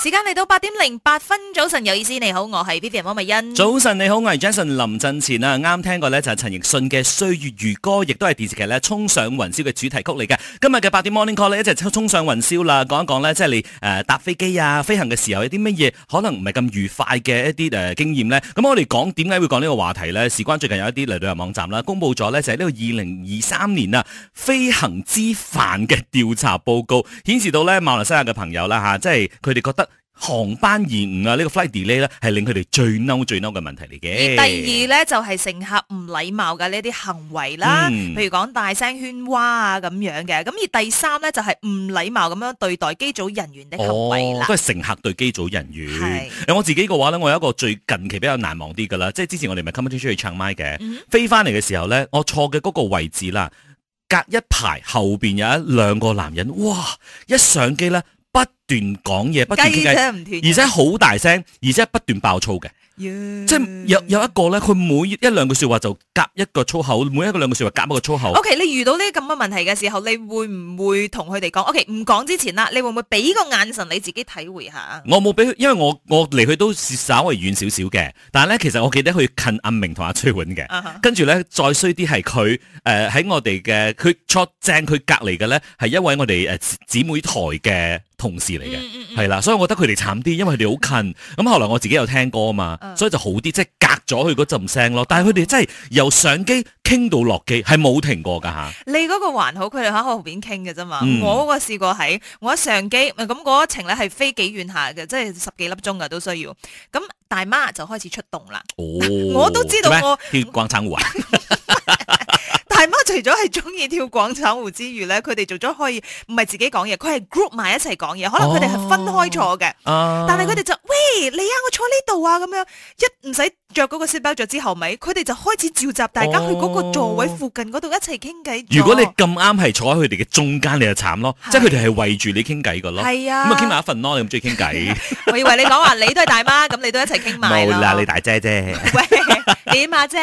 時間嚟到八點零八分，早晨有意思，你好，我係 B B M 方美欣。早晨你好，我係 Jason。臨陣前啊，啱聽過、就係、陳的 DZK, 呢，就係陳奕迅嘅《歲月如歌》，亦都係電視劇呢《衝上雲霄》嘅主題曲嚟嘅。今日嘅八點 Morning Call 呢，一齊衝上雲霄啦！講一講呢，即係你誒、呃、搭飛機啊，飛行嘅時候有啲乜嘢可能唔係咁愉快嘅一啲誒、呃、經驗呢。咁我哋講點解會講呢個話題呢？事關最近有一啲嚟旅遊網站啦，公布咗呢，就係呢個二零二三年啊飛行之範嘅調查報告，顯示到呢，馬來西亞嘅朋友啦吓、啊，即係佢哋覺得。航班延誤啊，呢個 flight delay 咧，係令佢哋最嬲最嬲嘅問題嚟嘅。第二咧就係、是、乘客唔禮貌嘅呢啲行為啦、啊，嗯、譬如講大聲喧譁啊咁樣嘅。咁而第三咧就係、是、唔禮貌咁樣對待機組人員的行為啦、啊哦。都係乘客對機組人員。呃、我自己嘅話咧，我有一個最近期比較難忘啲㗎啦，即係之前我哋咪 come to 出去唱咪嘅，飛翻嚟嘅時候咧，我坐嘅嗰個位置啦，隔一排後面有一兩個男人，哇！一上機咧。不斷講嘢，不斷而且好大聲，而且不斷爆粗嘅，即係有有一個咧，佢每一兩句說話就夾一個粗口，每一個兩句說話夾一個粗口。O K，你遇到呢啲咁嘅問題嘅時候，你會唔會同佢哋講？O K，唔講之前啦，你會唔會俾個眼神你自己體會下啊？我冇俾佢，因為我我離佢都稍為遠少少嘅，但係咧，其實我記得佢近阿明同阿崔穩嘅，跟住咧再衰啲係佢誒喺我哋嘅，佢坐正佢隔籬嘅咧係一位我哋誒姊妹台嘅。同事嚟嘅，係、mm, 啦、mm, mm,，所以我覺得佢哋慘啲，因為佢哋好近。咁 後來我自己有聽歌嘛，uh, 所以就好啲，即係隔咗佢嗰陣聲咯。Uh, 但係佢哋真係由上機傾到落機，係冇停過噶吓。你嗰個還好，佢哋喺我後邊傾嘅啫嘛。我個試過喺我一上機，咁嗰一程咧係飛幾遠下嘅，即係十幾粒鐘噶都需要。咁大媽就開始出動啦。哦， 我都知道我關啊？除咗係中意跳廣場舞之餘咧，佢哋做咗可以唔係自己講嘢，佢係 group 埋一齊講嘢。可能佢哋係分開坐嘅，哦，但係佢哋就喂你啊，我坐呢度啊咁樣一唔使。着嗰個食包着之後咪，佢哋就開始召集大家去嗰個座位附近嗰度一齊傾偈。如果你咁啱係坐喺佢哋嘅中間，你就慘咯，即係佢哋係圍住你傾偈個咯。係啊，咁傾埋一份咯。你咁中意傾偈，我以為你講話你都係大媽，咁你都一齊傾埋咯。冇啦，你大姐啫。喂，點啊啫？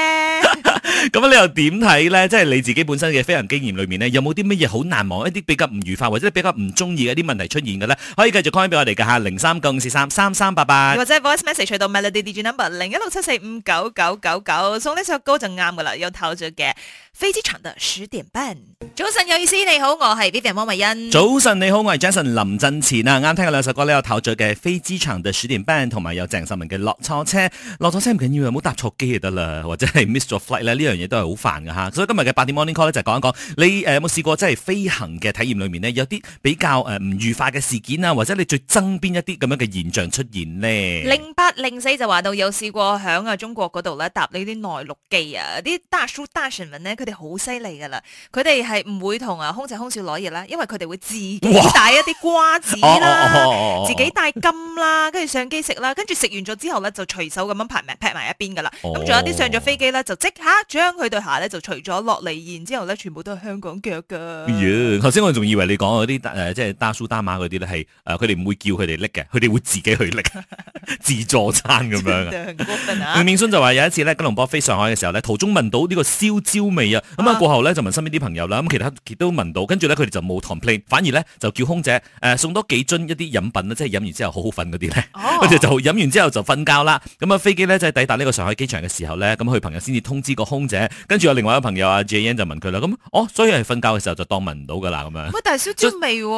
咁樣你又點睇咧？即係你自己本身嘅飛行經驗裏面咧，有冇啲乜嘢好難忘？一啲比較唔愉快或者比較唔中意嘅一啲問題出現嘅咧？可以繼續 call 翻俾我哋噶吓，零三九五四三三三八八，或者 voice message 到 melody dg number 零一六七四。五九九九九，送呢首歌就啱噶啦，有透着嘅。飛機場的十點半，早晨有意思，你好，我係 Vivian 汪慧欣。早晨你好，我係 Jason 林振前啊，啱聽過兩首歌呢，有陶喆嘅《飛機場嘅十點半》，同埋有鄭秀文嘅《落錯車》。落錯車唔緊要，唔好搭錯機就得啦，或者係 miss 咗 flight 呢樣嘢都係好煩嘅吓。所以今日嘅八點 morning call 咧，就講一講你誒、呃、有冇試過即係飛行嘅體驗裏面呢，有啲比較誒唔、呃、愉快嘅事件啊，或者你最憎邊一啲咁樣嘅現象出現呢？零八零四就話到有試過響啊中國嗰度咧搭呢啲內陸機啊，啲大叔大船民佢哋好犀利噶啦，佢哋係唔會同啊空姐空少攞嘢啦，因為佢哋會自己帶一啲瓜子啦、哦哦哦哦，自己帶金啦，跟住上機食啦，跟住食完咗之後咧就隨手咁樣拍埋擗埋一邊噶啦。咁、哦、仲有啲上咗飛機咧，就即刻將佢對鞋咧就除咗落嚟，然之後咧全部都係香港腳㗎。呀、哦，頭先我仲以為你講嗰啲誒即係打蘇打馬嗰啲咧係誒，佢哋唔會叫佢哋拎嘅，佢哋會自己去拎 自助餐咁樣。吳明信就話有一次咧，吉隆坡飛上海嘅時候咧，途中聞到呢個燒焦味。咁啊過後咧就問身邊啲朋友啦，咁其他都聞到，跟住咧佢哋就冇 complain，反而咧就叫空姐誒送多幾樽一啲飲品，即係飲完之後好好瞓嗰啲咧，跟、哦、住就飲完之後就瞓覺啦。咁啊飛機咧抵達呢個上海機場嘅時候咧，咁佢朋友先至通知個空姐，跟住有另外一個朋友阿 Jane 就問佢啦，咁哦所以係瞓覺嘅時候就當聞唔到噶啦咁樣。喂，但味喎，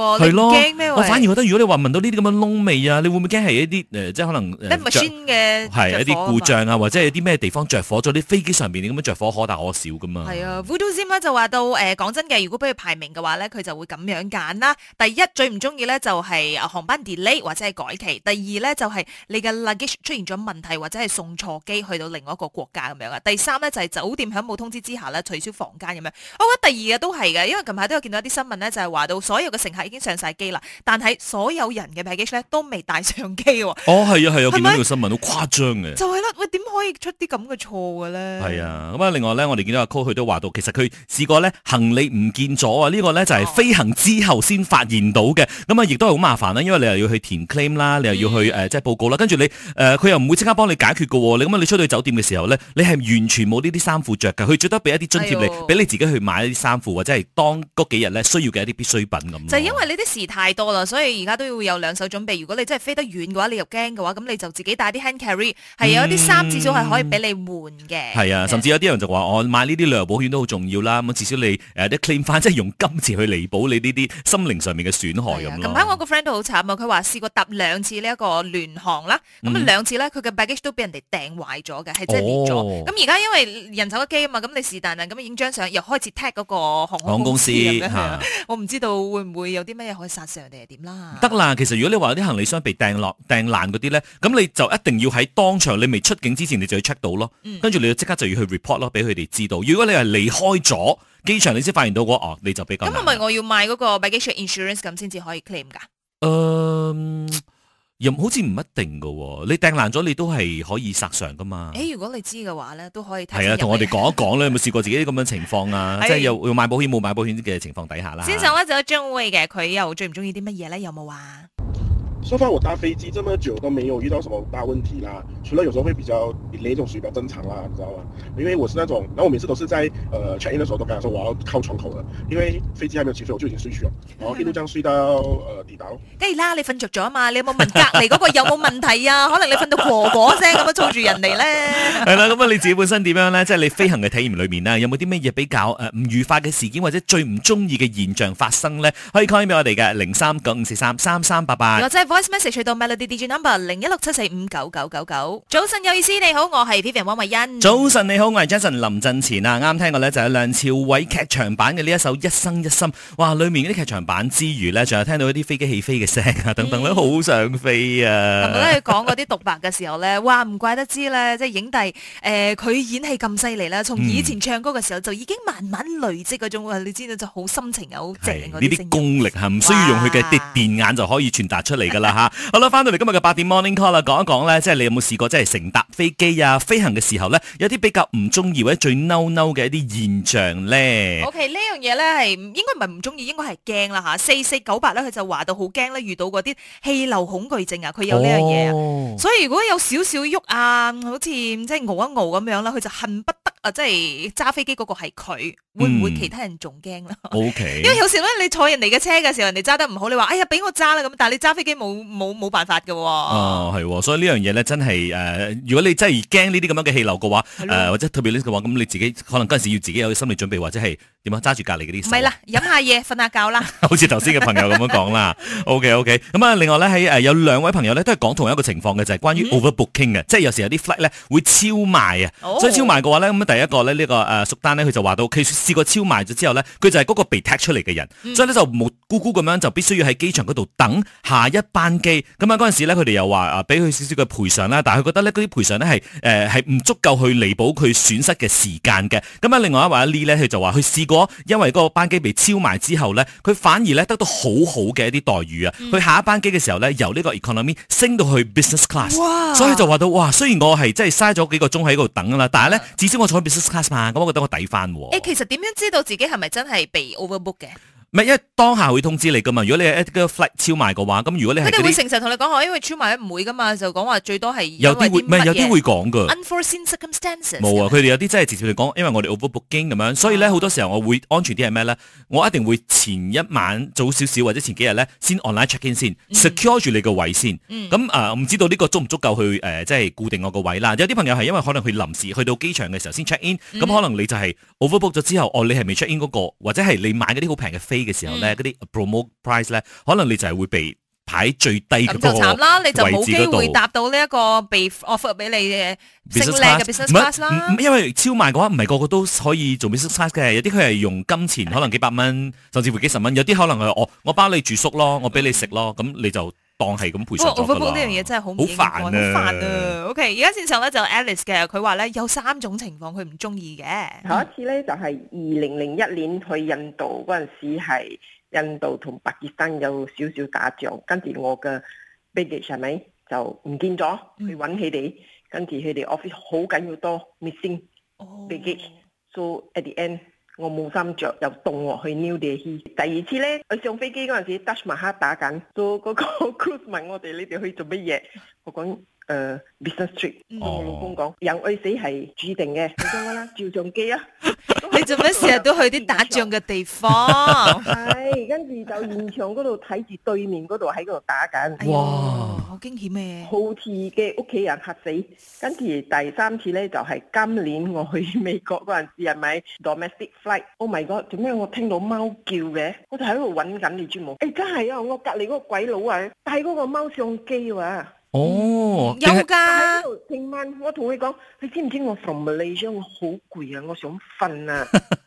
我反而覺得如果你話聞到呢啲咁嘅窿味啊，你會唔會驚係一啲、呃、即可能，嘅，係一啲故障啊，或者係啲咩地方着火，咗啲飛機上邊咁着火可大可小噶嘛？Voodoo s o m 就話到誒，講、欸、真嘅，如果俾佢排名嘅話咧，佢就會咁樣揀啦。第一最唔中意咧就係航班 delay 或者係改期，第二咧就係你嘅 luggage 出現咗問題或者係送錯機去到另外一個國家咁樣。第三咧就係酒店響冇通知之下咧取消房間咁樣。我覺得第二嘅都係嘅，因為近排都有見到一啲新聞咧，就係話到所有嘅乘客已經上晒機啦，但係所有人嘅 luggage 呢都未帶上機。哦，係啊，係啊，我見到呢個新聞好誇張嘅。就係啦，喂，點可以出啲咁嘅錯嘅咧？係啊，咁啊，另外咧，我哋見到阿 Co 都話。到其實佢試過咧行李唔見咗啊！呢、這個咧就係飛行之後先發現到嘅，咁啊亦都係好麻煩啦，因為你又要去填 claim 啦、嗯，你又要去誒即係報告啦，跟住你誒佢、呃、又唔會即刻幫你解決噶，你咁你出去酒店嘅時候咧，你係完全冇呢啲衫褲着噶，佢最多俾一啲津貼你，俾、哎、你自己去買啲衫褲或者係當嗰幾日咧需要嘅一啲必需品咁。就係、因為呢啲事太多啦，所以而家都要有兩手準備。如果你真係飛得遠嘅話，你又驚嘅話，咁你就自己帶啲 hand carry，係有啲衫至少係可以俾你換嘅。係、嗯、啊，甚至有啲人就話我買呢啲旅遊保險。都好重要啦，咁至少你誒啲 claim 翻，即係用金錢去彌補你呢啲心靈上面嘅損害咁咯。近排我個 friend 都好慘啊，佢話試過搭兩次呢一個聯航啦，咁兩次咧，佢嘅 baggage 都俾人哋掟壞咗嘅，係真係裂咗。咁而家因為人手一機啊嘛，咁你是但但咁影張相，又開始 check 嗰個航空公司咁樣。我唔知道會唔會有啲乜嘢可以殺上定係點啦。得啦，其實如果你話有啲行李箱被掟落掟爛嗰啲咧，咁你就一定要喺當場你未出境之前，你就要 check 到咯，跟住你就即刻就要去 report 咯，俾佢哋知道。如果你係離開咗機場，你先發現到嗰、那、哦、個，你就比較了。咁係咪我要買嗰個 baggage insurance 咁先至可以 claim 噶？嗯、um，又好似唔一定噶喎、哦。你掟爛咗，你都係可以索償噶嘛？誒、欸，如果你知嘅話咧，都可以睇。係啊，同我哋講一講咧， 有冇試過自己啲咁樣的情況啊？ 即係有買保險冇買保險嘅情況底下啦、啊。先生咧就有張嘅，佢又最唔中意啲乜嘢咧？有冇啊？說法，我搭飛機這麼久都沒有遇到什麼大問題啦、啊，除了有時候會比較連種水平比較正常啦，你知道嘛？因為我是那種，然後我每次都是在，誒，check in 的時候都跟佢說我要靠窗口的，因為飛機還沒有起飛我就已經睡著咯，然後一路這樣睡到，誒、呃，抵達。梗係啦，你瞓着咗啊嘛，你有冇問隔籬嗰個有冇問題啊？ 可能你瞓到婆婆聲咁樣吵住人嚟咧。係啦，咁啊你自己本身點樣咧？即、就、係、是、你飛行嘅體驗裏面咧，有冇啲乜嘢比較誒唔愉快嘅事件或者最唔中意嘅現象發生咧？可以 call 俾我哋嘅零三九五四三三三八八。 Voice Message 去到 Melody DJ Number 零一六七四五九九九九。早晨有意思，你好，我係 Vivian 汪慧欣。早晨你好，我係 Jason 林振前啊。啱聽過咧就係、是、梁朝偉劇場版嘅呢一首《一生一心》。哇，裏面嗰啲劇場版之餘呢，仲有聽到一啲飛機起飛嘅聲啊，等等咧，好、嗯、想飛啊。我咧講嗰啲獨白嘅時候 呢，哇，唔怪得知呢，即係影帝，誒、呃，佢演戲咁犀利啦。從以前唱歌嘅時候就已經慢慢累積嗰種，你知道就好心情有好正呢啲功力係唔需要用佢嘅電眼就可以傳達出嚟啦吓，好啦，翻到嚟今日嘅八點 Morning Call 啦，講一講咧，即係你有冇試過即係乘搭飛機啊，飛行嘅時候咧，有啲比較唔中意，或者最嬲嬲嘅一啲現象咧。OK 呢樣嘢咧係應該唔係唔中意，應該係驚啦吓。四四九八咧佢就話到好驚咧，遇到嗰啲氣流恐懼症啊，佢有呢樣嘢，所以如果有少少喐啊，好似即係熬一熬咁樣啦，佢就恨不得。即係揸飛機嗰個係佢，會唔會其他人仲驚咧？O K，因為有時咧你坐人哋嘅車嘅時候，人哋揸得唔好，你話哎呀俾我揸啦咁，但係你揸飛機冇冇冇辦法嘅、哦。哦，係、哦，所以呢樣嘢咧真係誒、呃，如果你真係驚呢啲咁樣嘅氣流嘅話，誒、呃、或者特別呢嘅話，咁你自己可能嗰陣時要自己有心理準備，或者係點樣揸住隔籬嗰啲。唔係啦，飲下嘢，瞓 下覺啦吧。 好似頭先嘅朋友咁樣講啦。O K O K，咁啊，另外咧喺誒有兩位朋友咧都係講同一個情況嘅，就係、是、關於 overbooking 嘅、嗯，即係有時候有啲 flight 咧會超賣啊、哦，所以超賣嘅話咧、嗯一個咧呢個誒，熟單呢，佢、這個呃、就話到佢試過超賣咗之後呢，佢就係嗰個被踢出嚟嘅人、嗯，所以咧就冇咕咕咁樣就必須要喺機場嗰度等下一班機。咁啊嗰陣時咧，佢哋又話啊，俾佢少少嘅賠償啦，但係佢覺得呢，嗰啲賠償呢係誒係唔足夠去彌補佢損失嘅時間嘅。咁啊另外一位阿 Lee 咧，佢就話佢試過因為嗰個班機被超賣之後呢，佢反而呢得到好好嘅一啲待遇啊！佢、嗯、下一班機嘅時候呢，由呢個 economy 升到去 business class，所以就話到哇，雖然我係真係嘥咗幾個鐘喺度等啦，但係呢、嗯，至少我坐咁我覺得我抵翻喎。誒，其實點樣知道自己係咪真係被 overbook 嘅？唔係，因為當下會通知你噶嘛。如果你一嘅 flight 超賣嘅話，咁如果你係佢哋會誠實同你講，我因為超賣唔會噶嘛，就講話最多係有啲會唔係有啲會講嘅。Unforeseen circumstances。冇啊，佢哋有啲真係直接嚟講，因為我哋 overbooking 咁樣，所以咧好多時候我會安全啲係咩咧？我一定會前一晚早少少或者前幾日咧先 online check in 先、嗯、secure 住你個位先。嗯。咁、嗯嗯、啊，唔知道呢個足唔足夠去誒，即、呃、係、就是、固定我個位啦。有啲朋友係因為可能佢臨時去到機場嘅時候先 check in，咁、嗯、可能你就係 overbook 咗之後，哦，你係未 check in 嗰、嗰個，或者係你買嗰啲好平嘅飛嘅時候咧，嗰啲、嗯、promote price 咧，可能你就係會被排最低嗰個位置嗰度，你就冇機會達到呢一個被 offer 俾你食靚嘅 business class 啦。因為超賣嘅話，唔係個個都可以做 business class 嘅，有啲佢係用金錢，的可能幾百蚊，甚至乎幾十蚊。有啲可能係哦，我包你住宿咯，我俾你食咯，咁、嗯、你就。當係咁賠償呢樣嘢真係，好好煩啊！O K，而家線上咧就 Alice 嘅，佢話咧有三種情況佢唔中意嘅。第一次咧就係二零零一年去印度嗰陣時，係印度同巴基斯坦有少少打仗，跟住我嘅 baggage 係咪就唔見咗？去揾佢哋，跟住佢哋 office 好緊要多 missing baggage，so at the end。我冇衫着，又凍落去 New Delhi。第二次咧，我上飛機嗰陣時，達什曼黑打緊，做嗰個 guide 問我哋你哋去做乜嘢？我講誒、呃、，business trip e。我老公講，有、oh. 愛死係注定嘅。咁樣啦，照像機啊，你做乜成日都去啲打仗嘅地方。係， 跟住就現場嗰度睇住對面嗰度喺嗰度打緊。Wow. 我驚險咩？好似嘅屋企人嚇死，跟住第三次咧就係、是、今年我去美國嗰陣時，係咪 domestic flight？Oh my god！做咩我聽到貓叫嘅？我就喺度揾緊你知冇？哎、欸，真係啊！我隔離嗰個鬼佬啊，帶嗰個貓相機啊！哦、oh, 嗯，有㗎。聽晚我同佢講，你知唔知我 from 我好攰啊，我想瞓啊。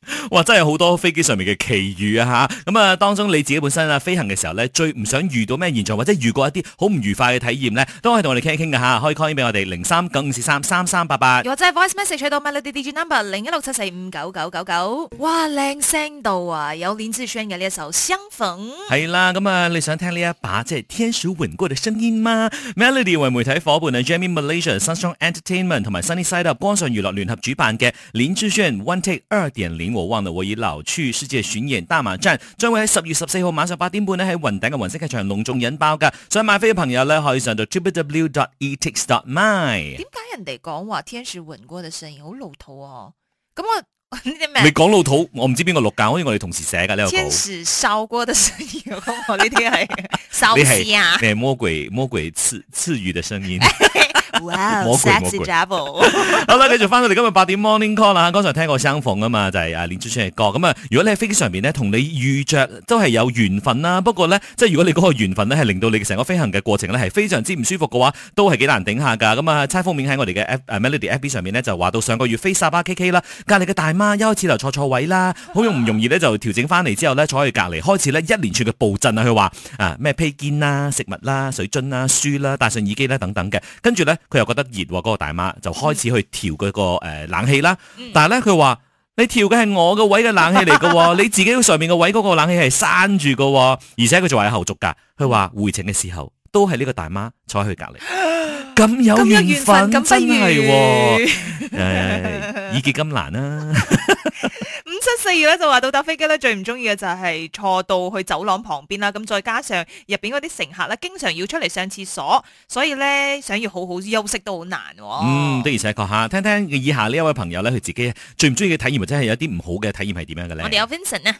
哇！真係好多飛機上面嘅奇遇啊嚇，咁啊當中你自己本身啊飛行嘅時候咧，最唔想遇到咩現象？或者遇過一啲好唔愉快嘅體驗咧，都可以同我哋傾一傾噶嚇，可以 call 俾我哋零三九五四三三三八八，或者 voice message 去到 melody d i number 零一六七四五九九九九。哇！靚聲度啊，有林志炫嘅呢一首《相逢》。係啦，咁啊你想聽呢一把即係天使吻過嘅聲音嗎？Melody 為媒體伙伴啊 j a m m y Malaysia Sunshine Entertainment 同埋 Sunny Side 光上娛樂聯合主辦嘅林志炫 One Take 二點零我以老去世界巡演大馬站，將會喺十月十四號晚上八點半咧喺雲頂嘅雲星劇場隆重引爆噶。想買飛嘅朋友咧，可以上到 www.etix.my。點解人哋講話天使吻過的聲音好老土啊、哦？咁我你講老土，我唔知邊個錄噶，因為我哋同時寫噶。天使燒過的聲音，我呢啲係燒雞啊！你係，你係魔鬼魔鬼賜賜予的聲音。 Wow, 好啦，繼續翻到嚟今日八點 morning call 啦。剛才聽過相逢啊嘛，就係啊連串串嘅歌。咁、嗯、啊，如果你喺飛機上面咧，同你遇着都係有緣分啦。不過咧，即係如果你嗰個緣分咧，係令到你成個飛行嘅過程咧，係非常之唔舒服嘅話，都係幾難頂下噶。咁、嗯、啊，猜封面喺我哋嘅 Melody FB 上面咧，就話到上個月飛沙巴 K K 啦，隔籬嘅大媽一開始就坐錯位啦，好唔容易咧就調整翻嚟之後咧坐喺隔籬，開始咧一連串嘅布陣啊。佢話啊咩披肩啦、食物啦、水樽啦、書啦、戴上耳機啦等等嘅，跟住咧。佢又覺得熱，嗰、那個大媽就開始去調嗰個誒冷氣啦、嗯。但係咧，佢話你調嘅係我個位嘅冷氣嚟？喎， 你自己上面個位嗰個冷氣係閂住喎。」而且佢仲話有後續噶。佢話回程嘅時候，都係呢個大媽坐喺佢隔籬，咁、啊、有緣分，有分真係、哦，誒、啊、 義結金蘭啦、啊。 七四月咧就話到搭飛機咧最唔中意嘅就係坐到去走廊旁邊啦，咁再加上入邊嗰啲乘客咧經常要出嚟上廁所，所以咧想要好好休息都好難。嗯，的而且確下聽聽以下呢一位朋友咧佢自己最唔中意嘅體驗或者係有啲唔好嘅體驗係點樣嘅咧？我哋有 Vincent 啊。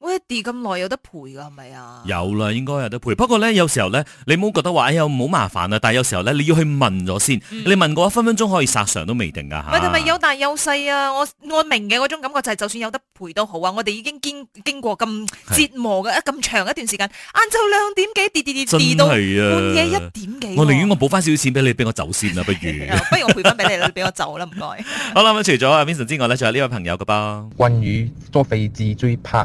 喂，跌咁耐有得賠噶係咪啊？是是有啦，應該有得賠。不過咧，有時候咧，你唔好覺得話哎呀唔好麻煩啊。但係有時候咧，你要去問咗先。嗯、你問嘅話，分分鐘可以索償都未定噶吓。咪、嗯？有大有細啊！我我明嘅嗰種感覺就係，就算有得賠都好啊！我哋已經經經過咁折磨嘅咁是長一段時間，晏晝兩點幾跌跌跌跌到半夜一點幾。我寧願我補翻少少錢俾你，俾我走先啦，不如？ 不如我賠翻俾你啦，俾 我走啦，唔該。好啦，咁除咗阿 Vincent 之外咧，仲有呢位朋友嘅噃。關於坐飛機最怕。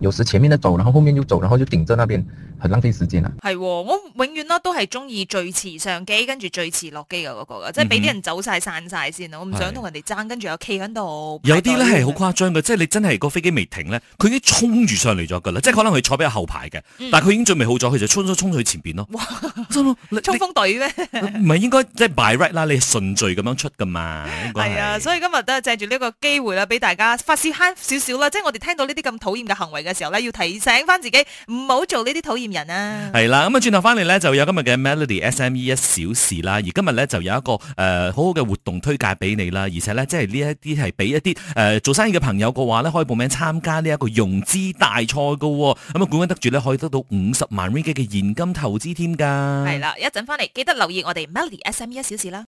有時前面的走，然後後面又走，然後就頂着那邊，很浪費時間啊。永遠咯，都係中意最遲上機，跟住最遲落機嘅嗰、嗰個嘅、嗯，即係俾啲人走晒散晒先咯。我唔想同人哋爭，跟住又企喺度。有啲咧係好誇張嘅，即係你真係個飛機未停咧，佢已經衝住上嚟咗㗎啦。即係可能佢坐比較後排嘅、嗯，但佢已經準備好咗，佢就衝咗衝去前邊咯。哇，諗衝鋒隊咩？唔係應該即係 by rank 啦，你是順序咁樣出㗎嘛。係啊，所以今日都係借住呢個機會啦，俾大家發泄慳少少啦。即係我哋聽到呢啲咁討厭嘅行為嘅時候咧，要提醒翻自己唔好做呢啲討厭人啊，係啊。係啦，咁啊轉頭翻嚟。就有今日嘅 Melody SME 一小時啦，而今日咧就有一個誒、呃、好好嘅活動推介俾你啦，而且咧即係呢一啲係俾一啲誒做生意嘅朋友嘅話咧，可以報名參加呢一個融資大賽嘅、哦、咁、嗯、啊、嗯嗯、冠軍得主咧可以得到五十萬 Ringgit 嘅現金投資添噶。係啦，一陣翻嚟記得留意我哋 Melody SME 一小時啦。